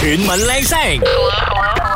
全民靚聲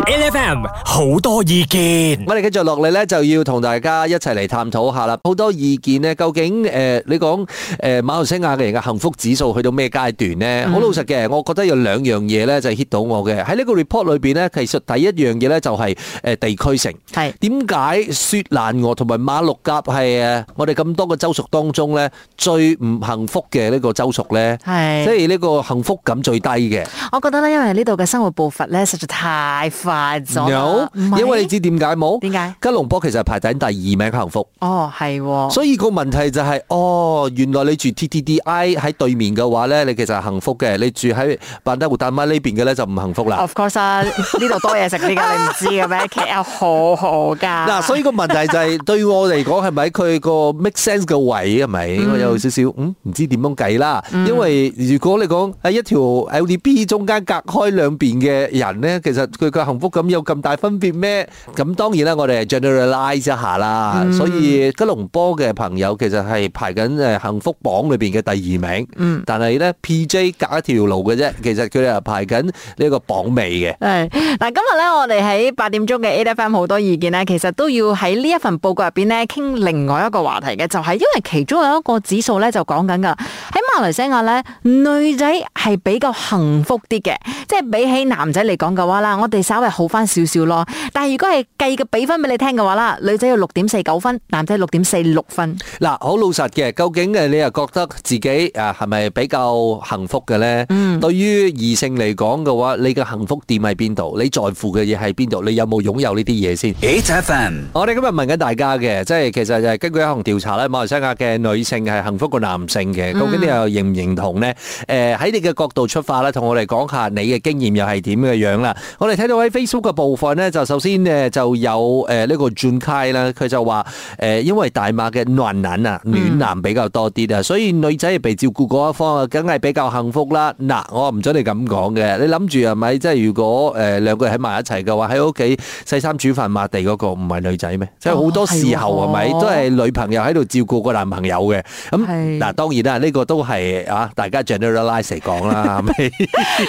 ，L F M 好多意見。咁我哋繼續落嚟咧，就要同大家一齊嚟探討下啦。好多意見咧，究竟誒，你講誒，馬來西亞嘅人嘅幸福指數去到咩階段咧？好老實嘅，我覺得有兩樣嘢咧，就 hit 到我嘅喺呢個 report 裏邊咧。其實第一樣嘢咧，就係誒地區性係。點解雪蘭莪同埋馬六甲係誒我哋咁多個州屬當中咧最唔幸福嘅呢個州屬咧？係，即係呢個幸福感最低嘅。我覺得咧，因為呢度。嘅生活步伐咧，實在太快咗。有，因為你知點解冇？點解？吉隆坡其實係排頂第二名幸福。哦，係。所以個問題就係，哦，原來你住 TTDI 喺對面嘅話咧，你其實係幸福嘅。你住喺班德湖大媽呢邊嘅咧，就唔幸福啦。Of course 啊，呢度多嘢食啲㗎，你唔知嘅咩？其實好好㗎。嗱，所以個問題就係對我嚟講係咪佢個 make sense 嘅位係咪？我有少少嗯，唔知點樣計啦。因為如果你講喺一條 LDP 中間隔開兩。兩邊嘅人咧，其實佢個幸福感有咁大分別咩？咁當然啦，我哋係 generalize 一下啦。所以吉隆坡嘅朋友其實係排緊誒幸福榜裏邊嘅第二名。嗯，但係咧，PJ 隔一條路嘅啫，其實佢係排緊呢一個榜尾嘅。係嗱，今日咧，我哋喺八點鐘嘅 AFM 好多意見咧，其實都要喺呢一份報告入邊咧傾另外一個話題嘅，就係因為其中有一個指數咧，就講緊噶，喺馬來西亞咧，女仔係比較幸福啲嘅，即係。比起男仔嚟講嘅話啦，我哋稍微好翻少少咯。但係如果係計個比分俾你聽嘅話啦，女仔有六點四九分，男仔六點四六分。嗱，好老實嘅，究竟誒你又覺得自己誒係咪比較幸福嘅咧？對於異性嚟講嘅話，你嘅幸福點係邊度？你在乎嘅嘢係邊度？你有冇擁有呢啲嘢先？Eight FM，我哋今日問緊大家嘅，即係其實就係根據一項調查咧，馬來西亞嘅女性係幸福過男性嘅，究竟你又認唔認同咧？誒，喺你嘅角度出發咧，同我哋講下你嘅經驗。又係點嘅樣啦？我哋睇到喺 Facebook 嘅部分咧，就首先誒就有誒呢個轉軌啦。佢就話誒，因為大馬嘅暖男啊，暖男比較多啲啊，所以女仔係被照顧嗰一方啊，梗係比較幸福啦。嗱，我唔準你咁講嘅，你諗住係咪？即係如果誒兩個人喺埋一齊嘅話，喺屋企洗衫煮飯抹地嗰個唔係女仔咩？即係好多時候係咪都係女朋友喺度照顧個男朋友嘅？咁嗱，當然啦，呢個都係啊，大家 generalise 講啦，係咪？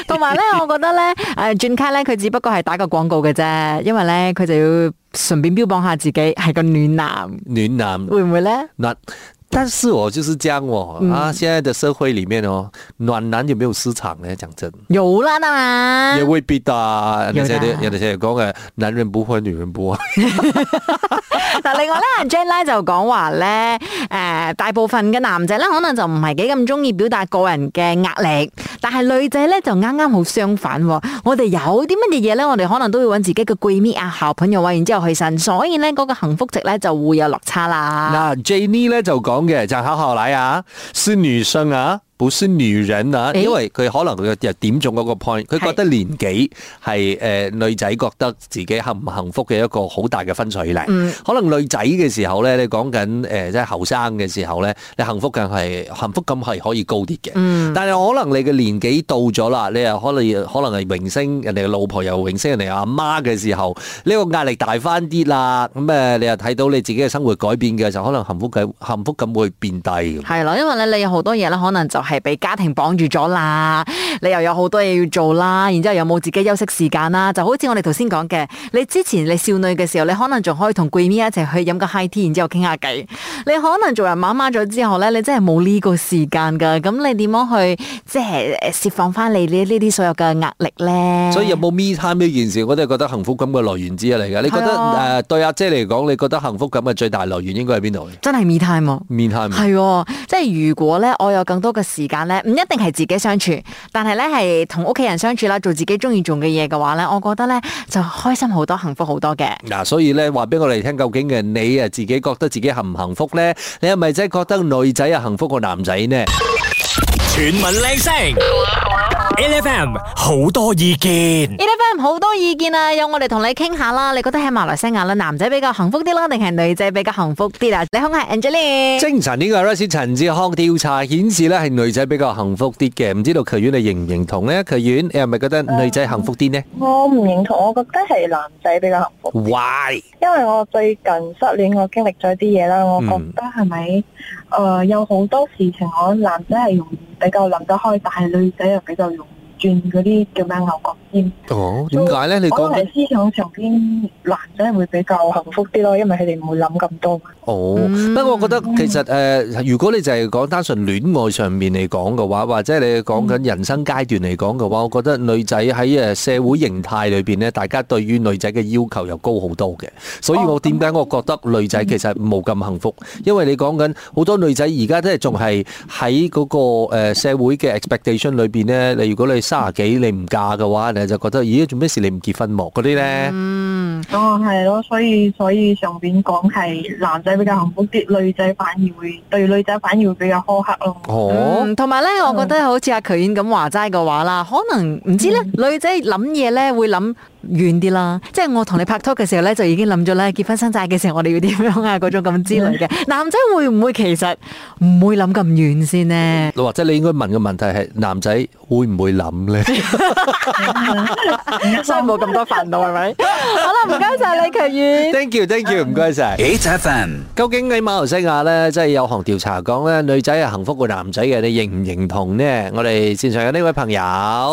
同埋咧，我覺得。得咧，誒轉卡咧，佢只不過係打個廣告嘅啫，因為咧佢就要順便標榜下自己係個暖男，暖男會唔會呢？ 但是我就是這樣我啊，嗯、現在的社會裏面哦，暖男有沒有市場咧？講真，有啦，當然。也未必的，人哋成日講嘅男人不壞，女人不愛。嗱 另外咧，Jan 咧就講話咧，誒、呃，大部分嘅男仔咧，可能就唔係幾咁中意表達個人嘅壓力，但係女仔咧就啱啱好相反，哦。我哋有啲乜嘢嘢咧，我哋可能都會揾自己個閨蜜啊、好朋友啊，然之後去呻，所以咧嗰，那個幸福值咧就會有落差啦。嗱，Jenny 咧就講。講好好來啊，是女生啊。本身女人啊，因為佢可能又又點中嗰個 point，佢覺得年紀係誒女仔覺得自己幸唔幸福嘅一個好大嘅分水嶺。嗯、可能女仔嘅時候咧，你講緊誒即係後生嘅時候咧，你幸福更係幸福感係可以高啲嘅。嗯、但係可能你嘅年紀到咗啦，你又可能可能係榮升，人哋嘅老婆又榮升，人哋阿媽嘅時候，呢個壓力大翻啲啦。咁、嗯、誒，你又睇到你自己嘅生活改變嘅時候，可能幸福感幸福感會變低。係咯，因為咧你有好多嘢咧，可能就。係俾家庭綁住咗啦，你又有好多嘢要做啦，然之後又冇自己休息時間啦，就好似我哋頭先講嘅，你之前你少女嘅時候，你可能仲可以同閨蜜一齊去飲個 high tea，然之後傾下偈，你可能做人媽媽咗之後咧，你真係冇呢個時間噶，咁你點樣去即係誒釋放翻你呢呢啲所有嘅壓力咧？所以有冇 me time 呢件事，我都係覺得幸福感嘅來源之一嚟噶。你覺得誒對阿、啊呃啊、姐嚟講，你覺得幸福感嘅最大來源應該喺邊度？真係 me time，啊。me time 係、啊、即係如果咧，我有更多嘅。時間咧唔一定係自己相處，但係咧係同屋企人相處啦，做自己中意做嘅嘢嘅話咧，我覺得咧就開心好多，幸福好多嘅。嗱、啊，所以咧話俾我哋聽，究竟嘅你啊自己覺得自己幸唔幸福呢？你係咪真係覺得女仔啊幸福過男仔呢？全民靚聲。L.F.M. 好多意見，L.F.M. 好多意見啊！有我哋同你傾下啦，你覺得喺馬來西亞咧，男仔比較幸福啲啦，定係女仔比較幸福啲啦？你好，係 Angelina。精神呢個瑞士陳志康調查顯示咧，係女仔比較幸福啲嘅，唔知道渠院你認唔認同咧？渠院你係咪覺得女仔幸福啲呢？呃、我唔認同，我覺得係男仔比較幸福。Why？因為我最近失戀，我經歷咗啲嘢啦，我覺得係咪誒，有好多事情我男仔係容易。比較諗得開，但係女仔又比較容易轉嗰啲叫咩牛角。哦，點解咧？你講緊思想上邊，男仔係會比較幸福啲咯，因為佢哋唔會諗咁多嘛。哦，不過我覺得其實誒，如果你就係講單純戀愛上面嚟講嘅話，或者你講緊人生階段嚟講嘅話，我覺得女仔喺誒社會形態裏邊咧，大家對於女仔嘅要求又高好多嘅。所以我點解我覺得女仔其實冇咁幸福，因為你講緊好多女仔而家都係仲係喺嗰個誒社會嘅 expectation 裏邊咧。你如果你三十幾你唔嫁嘅話咧？就覺得，咦，做咩事你唔結婚？莫嗰啲咧。嗯 哦，係咯，所以所以上邊講係男仔比較幸福啲，女仔反而會對女仔反而會比較苛刻咯。嗯、哦、嗯，同埋咧，我覺得好似阿渠演咁話齋嘅話啦，可能唔知咧，嗯，女仔諗嘢咧會諗遠啲啦。即、就、係、是、我同你拍拖嘅時候咧就已經諗咗咧結婚生仔嘅時候我哋要點樣啊嗰種咁之類嘅。男仔會唔會其實唔會諗咁遠先呢？或者，你應該問嘅問題係男仔會唔會諗咧？所以冇咁多煩惱係咪？ 唔該曬李強宇，Thank you，Thank you，唔該曬。Hey，Jeff，究竟喺馬來西亞咧，即係有項調查講咧，女仔係幸福過男仔嘅，你認唔認同呢？我哋線上有呢位朋友，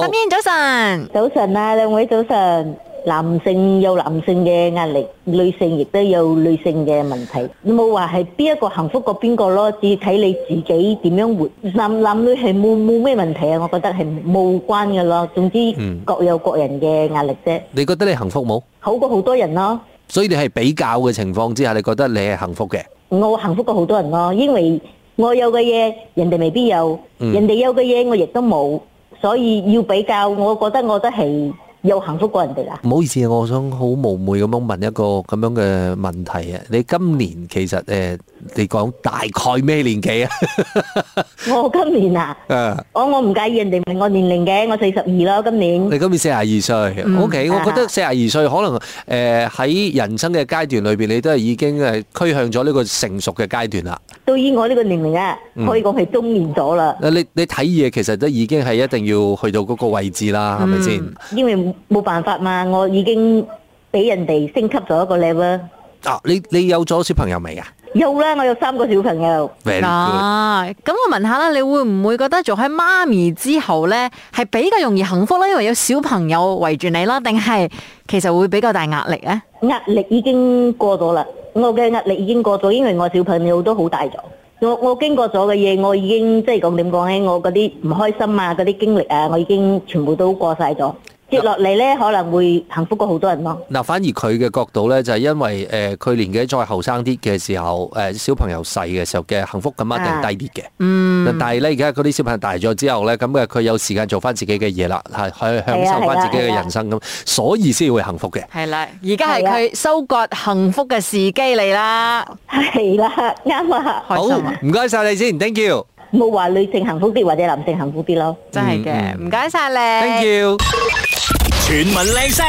十點早晨，早晨啊，兩位早晨。男性有男性嘅壓力，女性亦都有女性嘅問題。你冇話係邊一個幸福過邊個咯。只睇你自己點樣活。男男女係冇冇咩問題啊？我覺得係無關㗎咯。總之各有各人嘅壓力啫。你覺得你幸福冇？好過好多人咯。所以你係比較嘅情況之下，你覺得你係幸福嘅？我幸福過好多人咯，因為我有嘅嘢人哋未必有，人哋有嘅嘢我亦都冇，所以要比較，我覺得我都係，又幸福過人哋啦！唔好意思啊，我想好冒昧咁樣問一個咁樣嘅問題啊！你今年其實誒，你講大概咩年紀啊？我今年啊，誒，我我唔介意人哋問我年齡嘅，我四十二咯，今年。你今年四十二歲，OK，我覺得四十二歲可能誒喺人生嘅階段裏邊，你都係已經係趨向咗呢個成熟嘅階段啦。對於我呢個年齡啊，可以講係中年咗啦。嗱，你你睇嘢其實都已經係一定要去到嗰個位置啦，係咪先？因為。冇辦法嘛，我已經俾人哋升級咗一個 level。啊，你你有咗小朋友未啊？有啦，我有三個小朋友。啊，咁我問下啦，你會唔會覺得做喺媽咪之後呢，係比較容易幸福咧？因為有小朋友圍住你啦，定係其實會比較大壓力呀？壓力已經過咗啦，我嘅壓力已經過咗，因為我小朋友都好大咗。我我經過咗嘅嘢，我已經即係講點講呢，我嗰啲唔開心啊，嗰啲經歷啊，我已經全部都過晒咗。跌落嚟咧，可能會幸福過好多人咯。嗱，反而佢嘅角度咧，就係因為誒佢年紀再後生啲嘅時候，誒小朋友細嘅時候嘅幸福感一定低啲嘅。嗯。但係咧，而家嗰啲小朋友大咗之後咧，咁嘅佢有時間做翻自己嘅嘢啦，係去享受翻自己嘅人生咁，所以先會幸福嘅。係啦，而家係佢收割幸福嘅時機嚟啦。係啦，啱啊，開心啊！好，唔該曬你先，Thank you。冇話女性幸福啲或者男性幸福啲咯，真係嘅。唔該曬你，Thank you。全民靚聲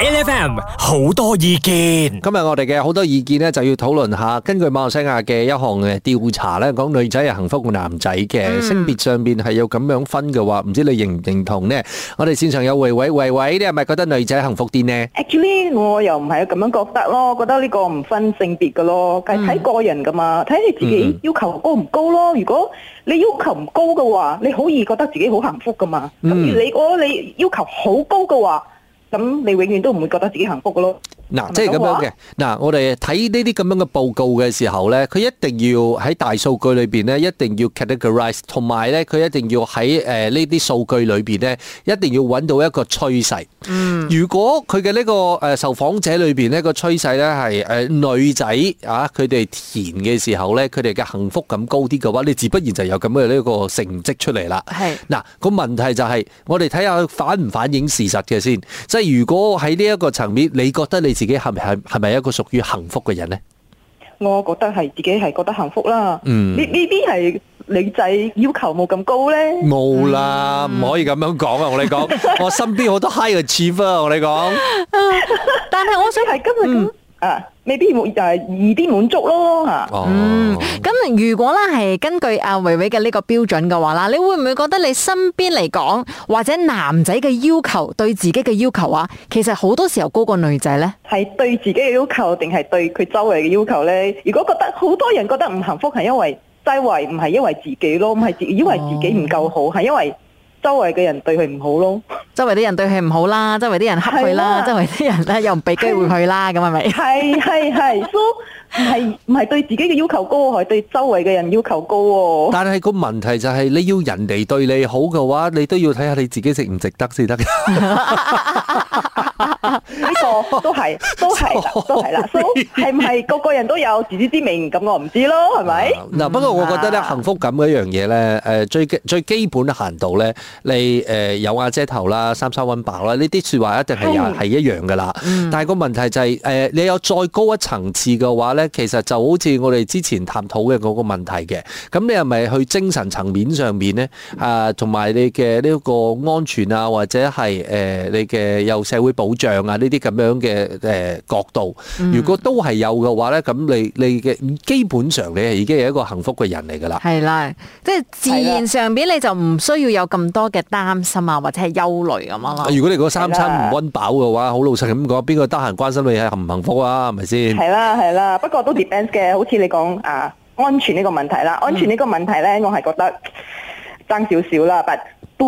，L F M 好多意見。今日我哋嘅好多意見呢，就要討論下。根據馬來西亞嘅一項嘅調查呢，講女仔係幸福過男仔嘅，性別上面係要咁樣分嘅話，唔知你認唔認同呢？我哋線上有，喂喂喂喂，你係咪覺得女仔幸福啲呢？Actually，我又唔係咁樣覺得咯，覺得呢個唔分性別噶咯，係睇個人噶嘛，睇你自己要求高唔高咯。如果你要求唔高嘅話，你好易覺得自己好幸福噶嘛。咁而你我你要求好。好高嘅話，咁你永遠都唔會覺得自己幸福嘅咯。嗱，即係咁樣嘅。嗱，我哋睇呢啲咁樣嘅報告嘅時候咧，佢一定要喺大數據裏邊咧，一定要 categorize，同埋咧，佢一定要喺誒呢啲數據裏邊咧，一定要揾到一個趨勢。嗯，如果佢嘅呢個誒受訪者裏邊咧個趨勢咧係誒女仔啊，佢哋填嘅時候咧，佢哋嘅幸福感高啲嘅話，你自不然就有咁嘅呢個成績出嚟啦。係。嗱，個問題就係我哋睇下反唔反映事實嘅先。即係如果喺呢一個層面，你覺得你自己係咪係係咪一個屬於幸福嘅人咧？我覺得係自己係覺得幸福啦。嗯，呢呢啲係女仔要求冇咁高咧。冇啦了，唔、嗯、可以咁樣講啊！我你講， 我身邊好多 high achiever, 我你講。 但係我想係今日。嗯啊，未必滿誒、啊、易啲滿足咯吓。嗯，咁如果咧係根據阿維維嘅呢個標準嘅話啦，你會唔會覺得你身邊嚟講或者男仔嘅要求對自己嘅要求啊，其實好多時候高過女仔呢，係對自己嘅要求定係對佢周圍嘅要求呢？如果覺得好多人覺得唔幸福，係因為低位，唔係因為自己咯，唔係以為自己唔夠好，係、哦、因為。周圍嘅人對佢唔好咯，周圍啲人對佢唔好啦，周圍啲人恰佢啦，周圍啲人咧又唔俾機會佢啦，咁係咪？係係係，都係唔係對自己嘅要求高，係對周圍嘅人要求高喎。但係個問題就係，你要人哋對你好嘅話，你都要睇下你自己值唔值得先得。都係，都係啦，都係啦，都係唔係？個個人都有自知之明，咁我唔知咯，係咪？嗱，不過我覺得咧，幸福感嗰樣嘢咧，誒，最最基本嘅限度咧，你誒有阿姐頭啦，三餐温飽啦，呢啲說話一定係係一樣噶啦。但係個問題就係，誒，你有再高一層次嘅話咧，其實就好似我哋之前探討嘅嗰個問題嘅，咁你係咪去精神層面上面咧？啊，同埋你嘅呢個安全啊，或者係誒你嘅有社會保障啊呢啲咁樣。嘅誒，角度，如果都係有嘅話咧，咁你你嘅基本上你係已經係一個幸福嘅人嚟噶啦，係啦，即係自然上邊你就唔需要有咁多嘅擔心啊，或者係憂慮咁樣咯。如果你嗰三餐唔溫飽嘅話，好老實咁講，邊個得閒關心你係幸唔幸福啊？係咪先？係啦係啦，不過都 depends 嘅，好似你講啊，安全呢個問題啦，安全呢個問題咧，我係覺得爭少少啦，不。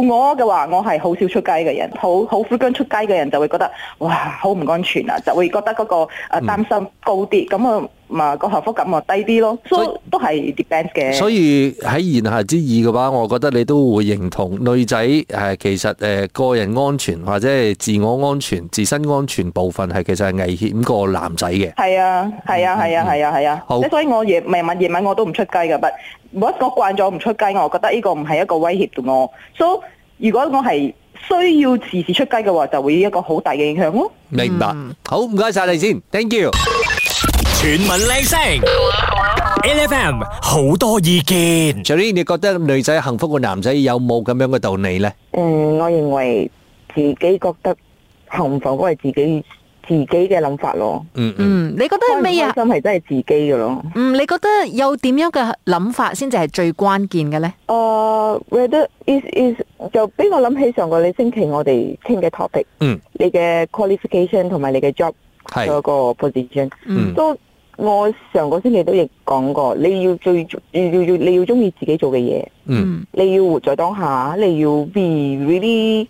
我嘅話，我係好少出街嘅人，好好苦驚出街嘅人就會覺得哇好唔安全啊，就會覺得嗰個誒擔心高啲，咁啊嘛個幸福感啊低啲咯，so 都係 depend 嘅。所以喺言下之意嘅話，我覺得你都會認同女仔誒，其實誒個人安全或者係自我安全、自身安全部分係其實係危險過男仔嘅。係啊，係啊，係啊，係啊，係啊。所以，我夜夜晚夜晚我都唔出街噶，不我我慣咗唔出街，我覺得呢個唔係一個威脅到我，so。如果我係需要時時出街嘅話，就會一個好大嘅影響咯。明白，好唔該晒你先，Thank you。全民靚聲，L F M 好多意見。Jory 你覺得女仔幸福過男仔有冇咁樣嘅道理呢、嗯？我認為自己覺得幸福都係自己。自己嘅諗法咯，嗯嗯，你覺得係咩啊？開心係真係自己嘅咯。嗯，你覺得有點、嗯、樣嘅諗法先至係最關鍵嘅咧？啊、uh, 就俾我諗起上個你星期我哋傾嘅 topic，、嗯、你嘅 qualification 同埋你嘅 job，係是個 position，都、嗯 so, 我上個星期都亦講過，你要最要要要你要中意自己做嘅嘢，嗯，你要活在當下，你要 be really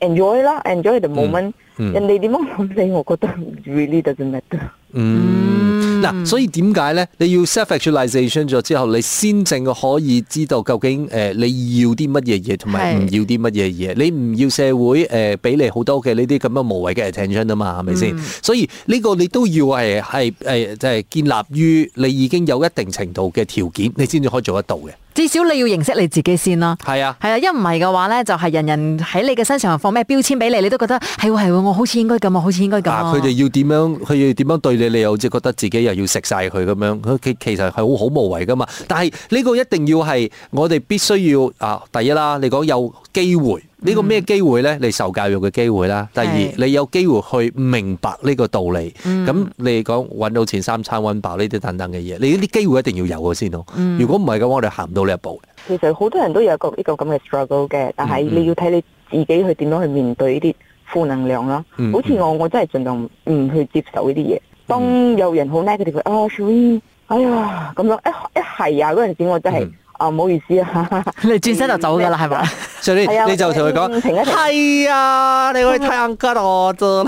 enjoy 啦，enjoy the moment、嗯。人哋點樣諗你，我覺得 really doesn't matter。嗯，嗱、啊，所以點解咧？你要 self actualization 咗之後，你先正可以知道究竟誒、呃，你要啲乜嘢嘢，同埋唔要啲乜嘢嘢。是你唔要社會誒俾、呃、你好多嘅呢啲咁嘅無謂嘅 attention 啊嘛，係咪先？所以呢個你都要係係誒，即係、呃就是、建立於你已經有一定程度嘅條件，你先至可以做得到嘅。至少你要認識你自己先啦。係啊，係啊，一唔係嘅話咧，就係、是、人人喺你嘅身上放咩標籤俾你，你都覺得係喎係喎，我好似應該咁啊，好似應該咁。啊，佢哋要點樣，佢要點樣對你，你又即係覺得自己又要食晒佢咁樣。佢其實係好好無謂噶嘛。但係呢個一定要係我哋必須要啊，第一啦，你講有機會。個機呢個咩機會咧？你受教育嘅機會啦。第二，是 你有機會去明白呢個道理。咁、嗯、你講揾到前三餐溫飽呢啲等等嘅嘢，你呢啲機會一定要有嘅先咯。嗯、如果唔係嘅話，我哋行唔到呢一步。其實好多人都有一個呢個咁嘅 struggle 嘅，但係你要睇你自己去點樣去面對呢啲負能量啦。嗯嗯，好似我，我真係盡量唔去接受呢啲嘢。當有人好 negative，啊 s o r 哎呀，咁樣一一係啊，嗰陣時我真係、嗯。哦，唔好意思啊，你轉身就走噶啦，係咪？所以你就同佢講，停一停啊，你可以睇下吉羅咋？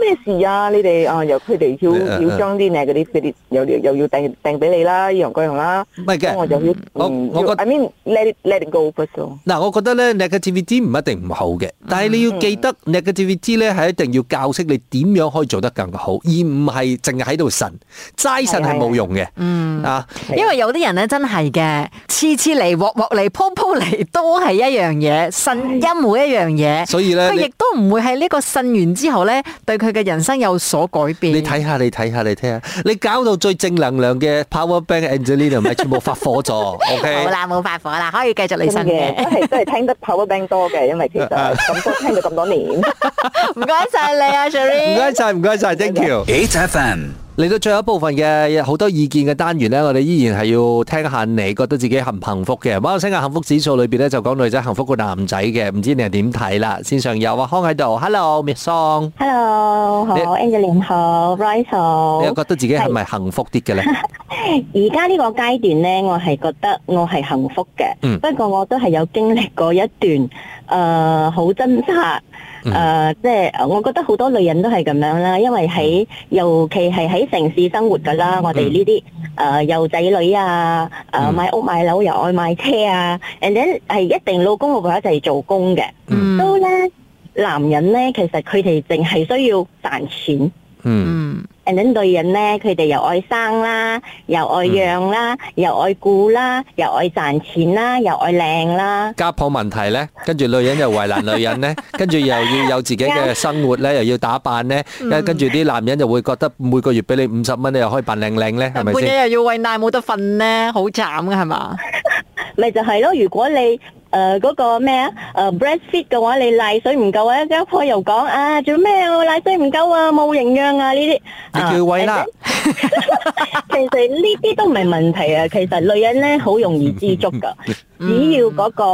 咩事啊？你哋啊，由佢哋要要裝啲咩嗰啲嗰啲，又又要訂訂俾你啦，楊國榮啦。唔係嘅，我就要。好，我覺，I mean let let it go first。嗱，我覺得咧，negative 唔一定唔好嘅，但係你要記得，negative 咧係一定要教識你點樣可以做得更好，而唔係淨係喺度呻齋呻係冇用嘅。嗯啊，因為有啲人咧真。真係嘅，次次嚟鑊鑊嚟鋪鋪嚟，都係一樣嘢，信一每一樣嘢。所以咧，佢亦都唔會係呢個信完之後咧，對佢嘅人生有所改變。你睇下，你睇下，你睇下，你搞到最正能量嘅 Power Bank Angelina 唔係全部發火咗？OK？冇啦，冇發火啦，可以繼續嚟信嘅。都係都係聽得 Power Bank 多嘅，因為其實咁多聽咗咁多年。唔該晒你啊，Jared。唔該晒，唔該晒，thank you。Eight FM。嚟到最後一部分嘅好多意見嘅單元呢，我哋依然係要聽下你覺得自己幸唔幸福嘅。馬來西亞幸福指數裏邊咧就講女仔幸福過男仔嘅，唔知你係點睇啦？線上有阿康喺度，Hello，Miss Song，Hello，你好 Angelina，好 Rosal，你又覺得自己係咪幸福啲嘅咧？而家呢個階段呢，我係覺得我係幸福嘅，嗯、不過我都係有經歷過一段。誒，好掙扎，誒、uh,， uh, 即係我覺得好多女人都係咁樣啦，因為喺尤其係喺城市生活噶啦，uh, 我哋呢啲誒，又、呃、仔女啊，誒、uh, uh,，買屋買樓又愛買車啊，人哋 d 係一定老公會陪一齊做工嘅，uh, 都咧男人咧，其實佢哋淨係需要賺錢。嗯。Uh, um, 人哋女人咧，佢哋又愛生啦，又愛養啦，又愛顧啦，又愛賺錢啦，又愛靚啦。家婆問題咧，跟住女人又為難女人咧，跟住又要有自己嘅生活咧，又要打扮咧，跟跟住啲男人就會覺得每個月俾你五十蚊，你又可以扮靚靚咧，係咪先？半夜又要餵奶冇得瞓咧，好慘嘅係嘛？咪就係咯，如果你。誒，嗰個咩啊？誒，breastfeed 嘅話你奶水唔夠啊！一開又講啊，做咩啊？奶水唔夠啊，冇營養啊？呢啲，你叫威啦。其實呢啲都唔係問題啊。其實女人咧好容易知足噶，只要嗰個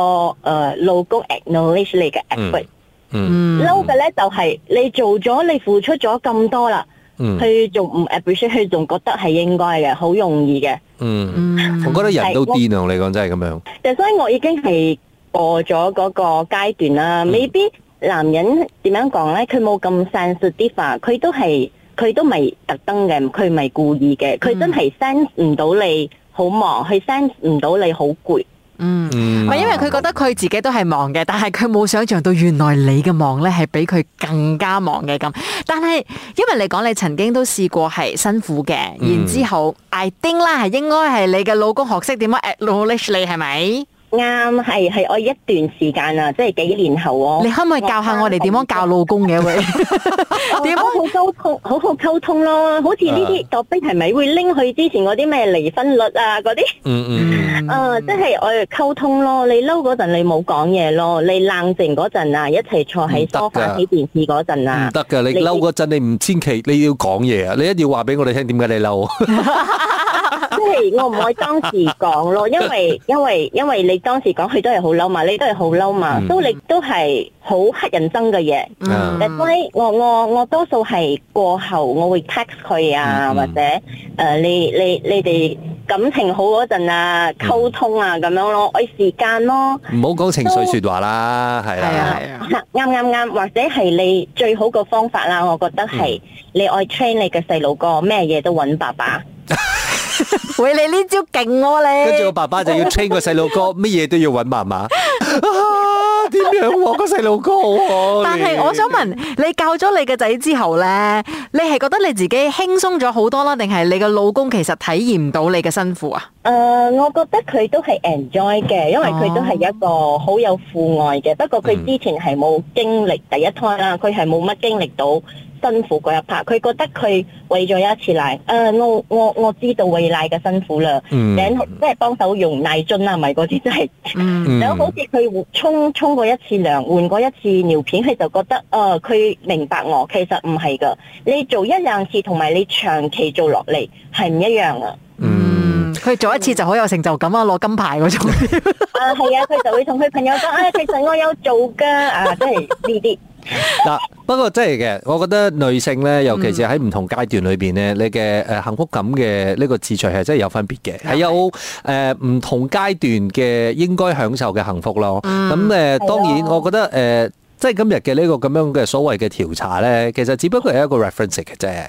誒老公 acknowledge 你嘅 effort，嬲嘅咧就係你做咗，你付出咗咁多啦。佢仲唔？誒，本身佢仲覺得係應該嘅，好容易嘅。嗯，我覺得人都癲嚟講，真係咁樣。就所以我已經係過咗嗰個階段啦。未必男人點樣講咧？佢冇咁 sensitive，佢都係佢都唔係特登嘅，佢唔係故意嘅，佢真係 sense 唔到你好忙，佢 sense 唔到你好攰。嗯，係、嗯、因為佢覺得佢自己都係忙嘅，但係佢冇想象到原來你嘅忙咧係比佢更加忙嘅咁。但係因為你講，你曾經都試過係辛苦嘅，然之後，I think 啦係應該係你嘅老公學識點樣 acknowledge 你係咪？是啱係係我一段時間啊，即係幾年後喎。你可唔可以教下我哋點樣教老公嘅喂？點樣好溝通好好溝通咯，好似呢啲墮冰係咪會拎去之前嗰啲咩離婚率啊嗰啲？嗯嗯。啊，即係我哋溝通咯，你嬲嗰陣你冇講嘢咯，你冷靜嗰陣啊，一齊坐喺梳化睇電視嗰陣啊。唔得㗎，你嬲嗰陣你唔千祈你要講嘢啊，你一定要話俾我哋聽點解你嬲。即係我唔可以當時講咯，因為因為因為你當時講佢都係好嬲嘛，你都係好嬲嘛，都你都係好乞人憎嘅嘢。但係我我我多數係過後我會 text 佢啊，或者誒，你你你哋感情好嗰陣啊，溝通啊咁樣咯，愛時間咯。唔好講情緒說話啦，係啊，啱啱啱，或者係你最好嘅方法啦，我覺得係你愛 train 你嘅細路哥，咩嘢都搵爸爸。喂，你呢招勁喎、啊、你！跟住我爸爸就要 train 個細路哥，乜嘢 都要揾媽媽。 啊，點樣、啊？個細路哥好可憐、啊、但係我想問，你教咗你個仔之後咧，你係覺得你自己輕鬆咗好多啦，定係你嘅老公其實體驗唔到你嘅辛苦啊？誒、呃，我覺得佢都係 enjoy 嘅，因為佢都係一個好有父愛嘅。啊、不過佢之前係冇經歷第一胎啦，佢係冇乜經歷到。辛苦嗰一拍，佢覺得佢喂咗一次奶。誒、呃，我我我知道喂奶嘅辛苦啦。嗯。即係幫手用奶樽啊，咪嗰啲真係。嗯。好似佢沖沖過一次涼，換過一次尿片，佢就覺得誒，佢、呃、明白我。其實唔係噶，你做一兩次同埋你長期做落嚟係唔一樣啊。嗯，佢做一次就好有成就感、嗯、 啊，攞金牌嗰種。啊，係啊，佢就會同佢朋友講：啊，其實我有做㗎。啊，即係呢啲。嗱， 不過真係嘅，我覺得女性咧，尤其是喺唔同階段裏邊咧，嗯、你嘅誒幸福感嘅呢個次序係真係有分別嘅，係、嗯、有誒唔、呃、同階段嘅應該享受嘅幸福咯。咁誒、嗯，呃、的當然，我覺得誒。呃即係今日嘅呢個咁樣嘅所謂嘅調查咧，其實只不過係一個 reference 嘅啫。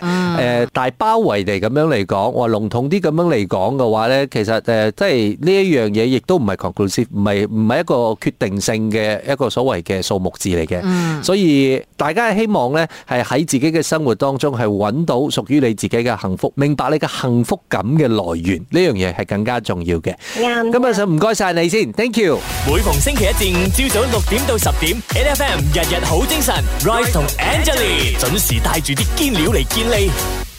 誒，大包圍地咁樣嚟講，話籠統啲咁樣嚟講嘅話咧，其實誒，即係呢一樣嘢亦都唔係 conclusive，唔係唔係一個決定性嘅一個所謂嘅數目字嚟嘅。所以大家希望咧，係喺自己嘅生活當中係揾到屬於你自己嘅幸福，明白你嘅幸福感嘅來源呢樣嘢係更加重要嘅。啱。今日就唔該晒你先，thank you。每逢星期一至五朝早六點到十點，NFM。日日好精神，Royce 同 Angelie，準時帶住啲堅料嚟見你。